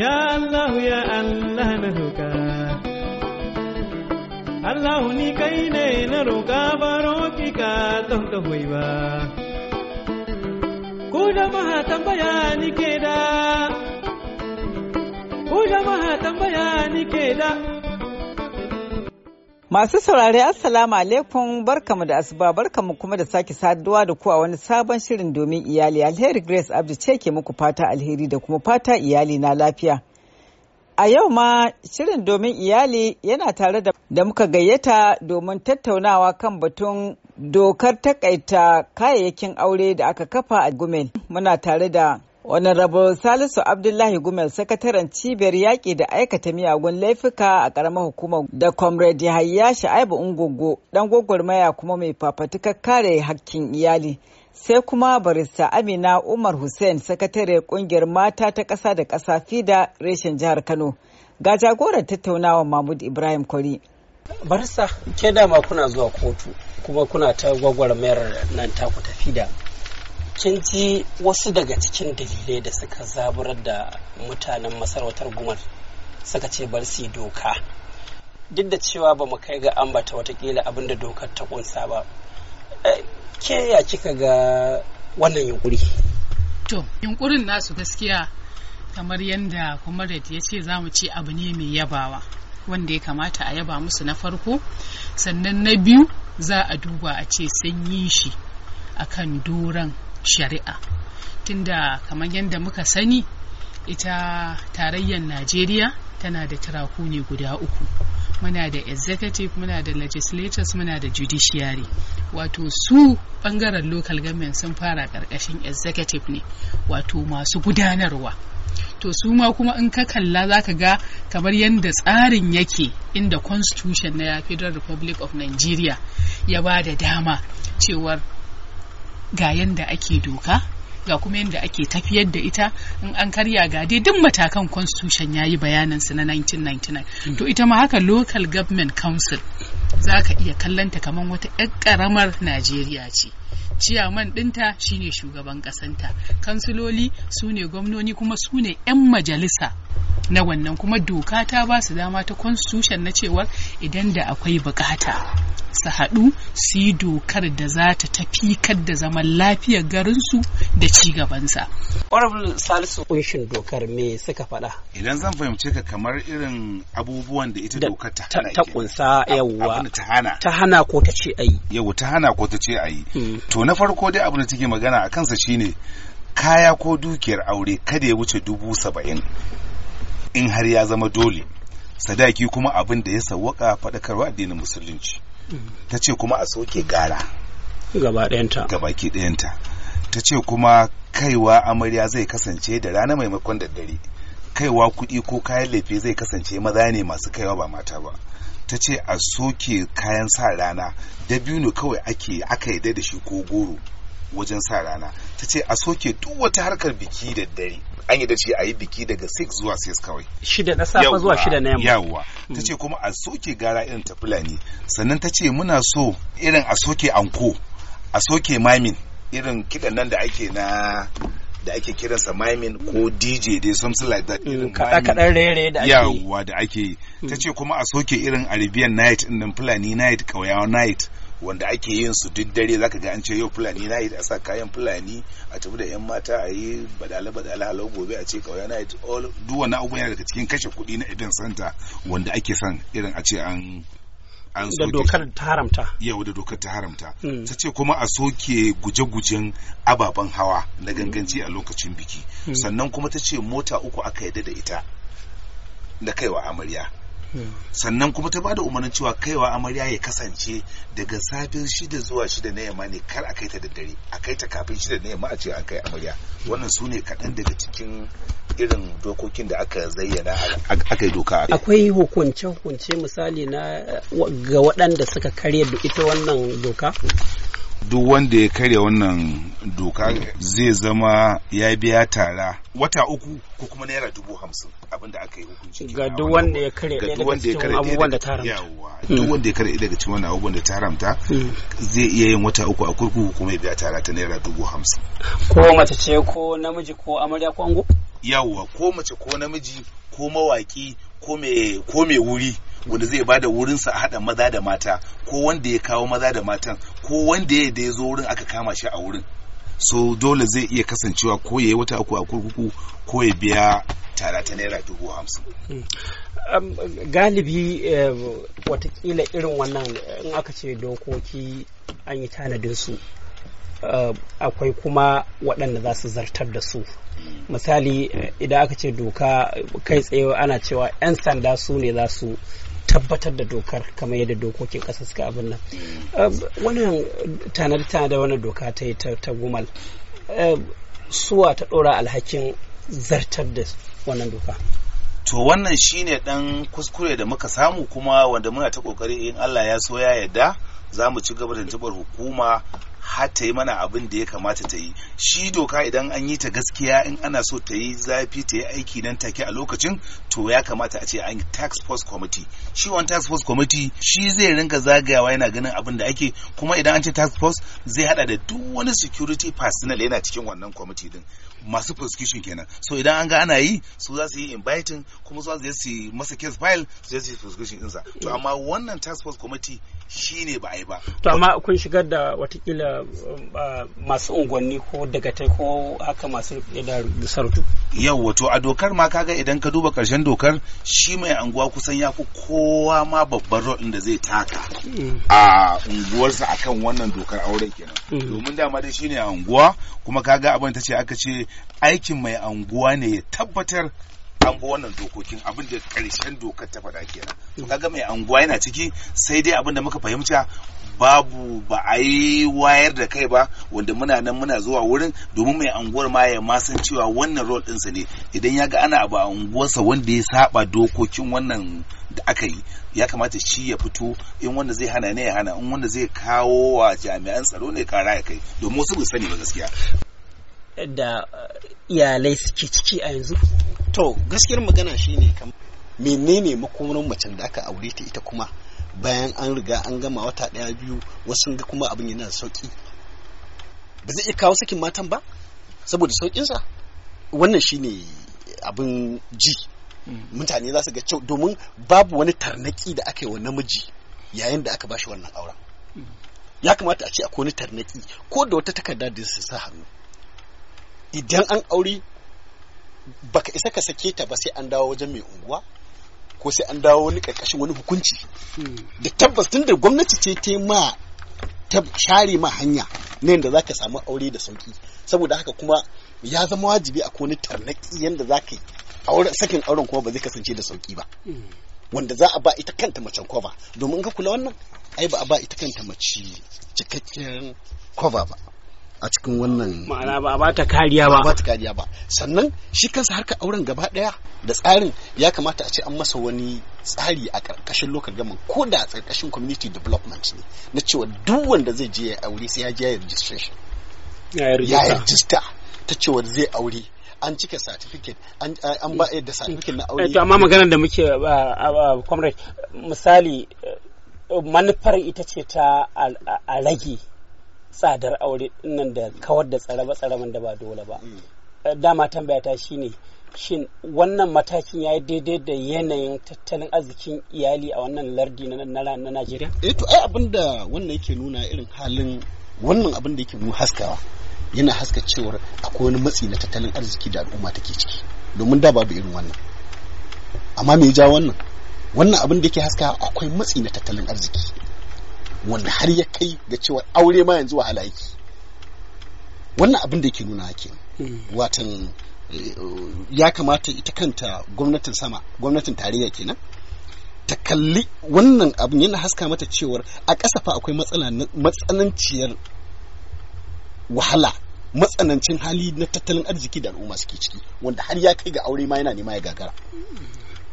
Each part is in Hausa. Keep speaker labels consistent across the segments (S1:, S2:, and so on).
S1: Ya Allah ya Allah na roƙa Allah ni kai ne na roƙa baro ki ka don ka hoyi ba Ku maha tambaya ni Ku tambaya ni Masu saurari Assalamu alaikum barkamu da asuba barkamu kuma da sake saduwa da ku wani sabon shirin domin iyali alheri Grace Abdi ce ke muku fata alheri da kuma fata iyali na lafiya. A yau ma shirin domin iyali yana tare da muka gayyata domin tattaunawa kan batun dokar takaita kayayyakin aure da aka kafa a Gumel. Muna tare da Honorable Salisu Abdullahi Gumel sakataren cibiyar yaƙi da aikata miyagun laifuka a ƙaramar hukumar da Comrade Yahaya Sha'ibu Ungogo ɗan gwagwarmaya kuma mai fafatukar kare hakkin iyali. Sai kuma barista Amina Umar Hussein sakatare ƙungiyar mata ta ƙasa da ƙasa FIDA reshen jihar Kano. Ga jagorar tattaunawa Mahmud Ibrahim Kwari. Barista, ke dama kuna zuwa kotu kuma kuna ta gwagwarmayar nan taku ta FIDA.
S2: kin wasu daga cikin dalilai da suka zaburar da mutanen masarautar gumar suka ce bar su doka duk da cewa ba mu kai ga ambata watakila abin da dokar ta kunsa ba eh, ke ya kika ga wannan yunkuri
S3: to yunkurin nasu gaskiya kamar yadda kuma ya ce za mu ce abu ne mai yabawa wanda ya kamata a yaba musu na farko sannan na biyu za a duba a ce sun yi shi akan doron shari'a tunda kamar yadda muka sani ita tarayyar najeriya tana da ne guda uku muna da executive muna da legislators muna da judiciary wato su bangaren local government sun fara karkashin executive ne wato masu gudanarwa to su ma kuma in ka kalla za ka ga kamar yadda tsarin yake inda constitution na federal republic of nigeria ya ba da dama cewar ga yanda ake doka ga kuma yadda ake tafiyar da ita in an karya ga dai duk matakan constitution yayi bayanin su na 1999 hmm. to ita ma haka local government council za ka iya kallanta kamar wata 'yan karamar najeriya ce ciyaman dinta shine shugaban kasanta kansiloli su ne gwamnoni kuma su ne 'yan majalisa na wannan kuma doka ta ba su dama ta constitution na cewa idan da akwai bukata su haɗu su yi dokar da za ta tafi da zaman lafiyar garinsu da ci gabansa.
S2: Honorable Salisu kunshin dokar me suka faɗa?
S4: Idan zan fahimce ka kamar irin abubuwan da ita dokar ta hana. Ta kunsa yawwa. ta hana. ko ta ce ayi. Yawwa ta hana ko ta ce ayi. Hmm. To na farko dai abin da take magana a kansa shine kaya ko dukiyar aure kada ya wuce dubu saba'in in har ya zama dole sadaki kuma abin da ya sawwaka faɗakarwa addinin musulunci ta ce kuma a soke gara gaba gabaki ta ce kuma kaiwa amarya zai kasance da rana maimakon da dare kaiwa kuɗi ko kayan lefe zai kasance maza ne masu kaiwa ba mata ba ta ce a soke kayan sa rana dabino kawai ake aka yi da shi ko goro wajen sa rana ta ce a soke duk wata harkar biki da dare an yi da ce a yi biki daga 6 zuwa 6 kawai
S5: shida na safa zuwa shida na yamma yawwa ta
S4: hmm. ce kuma a soke gara irin ta fulani sannan ta ce muna so irin a soke anko a soke mamin irin kiɗan nan da ake na da ake kiransa mamin ko dj dai something like that irin hmm, kaɗa kaɗan rere da ake yawwa da ake ta hmm. ce kuma a soke irin arabian night din fulani night ƙauyawa night wanda ake yin su duk dare zaka ga an ce yau fulani na yi a sa kayan fulani a tafi da yan mata a yi badala badala halau gobe a ce kawai na yi duk wani abu yana daga cikin kashe kuɗi na idan santa wanda ake son irin a ce an an da dokar ta haramta yau da dokar ta haramta hmm. ta ce kuma a soke guje-gujen ababen hawa na ganganci a lokacin biki hmm. sannan kuma ta ce mota uku aka yadda da ita da kaiwa amarya sannan kuma ta bada umarnin cewa kaiwa amarya ya kasance daga safin shida zuwa shida na yamma ne kar a kai ta da dare a kai ta kafin shida na yamma a ce an kai amarya wannan su ne kaɗan daga cikin irin dokokin da aka zayyana aka yi doka
S2: akwai hukunce-hukunce misali na ga waɗanda suka karya ita wannan doka
S4: duk wanda ya karya wannan doka mm. zai zama ya biya tara
S2: wata uku ko kuma naira dubu hamsin abinda aka yi hukunci ga mm. duk wanda ya karya ɗaya daga cikin abubuwan da ta haramta
S4: duk wanda ya karya daga cikin wannan abubuwan da ta haramta mm. zai iya yin wata uku a kurkuku kuma ya biya tara ta naira dubu hamsin ko mace
S2: ce ko namiji ko amarya ko ango yawwa ko mace ko namiji
S4: ko mawaki ko mai wuri wanda zai bada wurinsa a haɗa maza da mata ko wanda ya kawo maza da matan ko wanda ya da ya zo wurin aka kama shi a wurin so dole zai iya kasancewa ko ya yi wata uku a kurkuku ko ya biya tara ta naira
S2: dubu hamsin um, galibi eh, watakila irin wannan in aka ce dokoki an yi tanadin su eh, akwai kuma waɗanda za su zartar da su misali eh, idan aka ce doka kai tsaye ana cewa 'yan sanda su ne za su tabbatar da dokar kamar yadda dokokin ƙasa suka abin nan um, wannan tanar ta da wannan doka ta yi ta gumal um, suwa ta ɗora alhakin zartar da wannan doka
S4: to wannan shine dan kuskure da muka samu kuma wanda muna ta kokari in Allah ya so ya yarda za mu ci gaba da tuntuɓar hukuma har ta yi mana abin da ya kamata ta yi shi doka idan an yi ta gaskiya in ana so ta yi zafi ta yi aiki nan take a lokacin to ya kamata a ce an yi tax force committee shi wani tax force committee shi zai ringa zagayawa yana ganin abin da ake kuma idan an ce tax force zai hada da duk wani security personnel yana cikin wannan committee din masu prosecution kenan so idan an ga ana yi su za su yi inviting kuma su za su yi masa case file su su yi prosecution ɗinsa to amma wannan task force committee shi ne ba a yi ba
S2: to amma kun shigar da watakila um, uh, masu unguwanni ko dagatai ko haka masu da sarautu
S4: yau wato a dokar ma kaga idan ka duba karshen dokar shi mai anguwa kusan ya fi kowa ma babban rodin da zai taka a unguwarsa akan wannan dokar auren kenan mm. domin dama dai shine unguwa kuma kaga abin ta ce aka ce aikin mai anguwa ne ya tabbatar an bi wannan dokokin abin da karshen dokar ta faɗa kenan to kaga mai anguwa yana ciki sai dai abin da muka fahimta babu ba a yi wayar da kai ba wanda muna nan muna zuwa wurin domin mai anguwar ma ya ma san cewa wannan rol ɗinsa ne idan ya ga ana abu a unguwarsa wanda ya saba dokokin wannan da aka yi ya kamata shi ya fito in wanda zai hana ne ya hana in wanda zai kawo wa jami'an tsaro ne kara ya kai domin wasu sani ba gaskiya
S2: da uh, iyalai suke ciki a yanzu to gaskiyar
S5: magana shine kam menene makomarin macen da aka aure ta ita kuma bayan an riga an gama wata daya biyu wasu ga kuma abin yana da sauki ba zai iya kawo sakin matan ba saboda saukinsa wannan shine abin ji mm. mutane za su ga cewa domin babu wani tarnaki da aka yi wa namiji yayin da aka bashi wannan auren mm. ya kamata a ce akwai wani tarnaki ko da wata takarda da su sa hannu idan an aure baka isa ka sake ta ba sai an dawo wajen mai unguwa ko sai an dawo wani karkashin wani hukunci da tabbas tun da gwamnati ce ta ma ta share ma hanya na yadda za ka samu aure da sauki saboda haka kuma ya zama wajibi a kone tarnaki yadda za ka yi sakin auren kuma ba zai kasance da sauki ba wanda za a ba ita kanta macen kwaba domin ka kula wannan ai ba a ba ita kanta mace cikakken kwaba ba a cikin wannan ma'ana ba ba ta kariya ba ba ta kariya ba sannan shi kansa harkar auren gaba daya da tsarin ya kamata a ce an masa wani tsari a karkashin local government ko da a karkashin community development ne na cewa duk wanda zai je ya aure sai ya je ya registration ya rijista ta cewa zai aure
S2: an cike certificate an ba da certificate na aure eh, to amma maganar da muke uh, uh, uh, comrade misali manufar ita ce ta a rage tsadar aure nan da kawar da tsaraba-tsaraban da ba dole ba mm. eh, dama tambaya ta shine shin wannan matakin ya yi daidai da yanayin tattalin arzikin iyali a wannan lardi na najeriya eh
S5: to ai abin da wannan yake nuna irin halin wannan abin da yake nuna haskawa yana haska cewar akwai wani matsi na tattalin arziki da al'umma take ciki domin da babu irin wannan amma me ja wannan wannan abin da yake haska akwai matsi na tattalin arziki wanda har ya kai ga cewa aure ma yanzu wahala yake wannan abin da yake nuna ke hmm. watan eh, ya kamata ita kanta gwamnatin sama gwamnatin tarayya kenan ta kalli wannan abin yana haska mata cewar a kasafa akwai matsananciyar wahala matsanancin hali na tattalin arziki da al'umma suke ciki wanda har ya kai ga aure ma yana nema ya gagara hmm.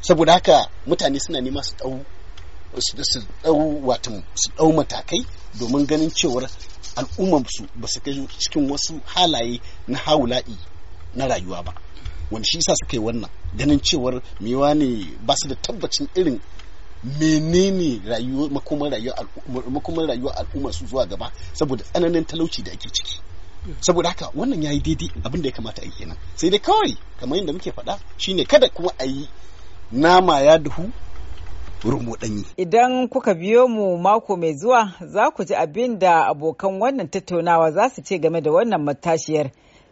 S5: saboda haka mutane suna nema su ɗau su dau watan su ɗau matakai domin ganin cewar al'ummar su ba su kai cikin wasu halaye na haula'i na rayuwa ba wani shi sa su kai wannan ganin cewar mewa ne ba su da tabbacin irin menene rayuwar makomar rayuwa al'ummar su zuwa gaba saboda tsananin talauci da ake ciki saboda haka wannan yi daidai abin da ya kamata a yi kenan sai dai kawai kamar yadda muke faɗa shine kada kuma a yi
S1: nama ya duhu mu danyi idan kuka biyo mu mako mai zuwa za ku ji abin da abokan wannan tattaunawa za su ce game da wannan matashiyar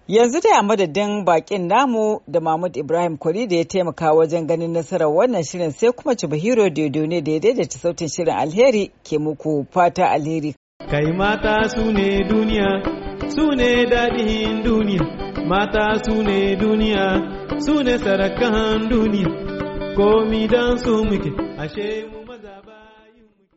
S1: yanzu da a madadin bakin namu da mahmud ibrahim kwari da ya taimaka wajen ganin nasarar wannan shirin sai kuma cibahiro dodo ne da ya daidaita sautin shirin alheri ke muku fata alheri kai mata su ne duniya su ne dadihin duniya mata su ne duniya su ne sarakan duniya
S5: komi dan su muke ashe mu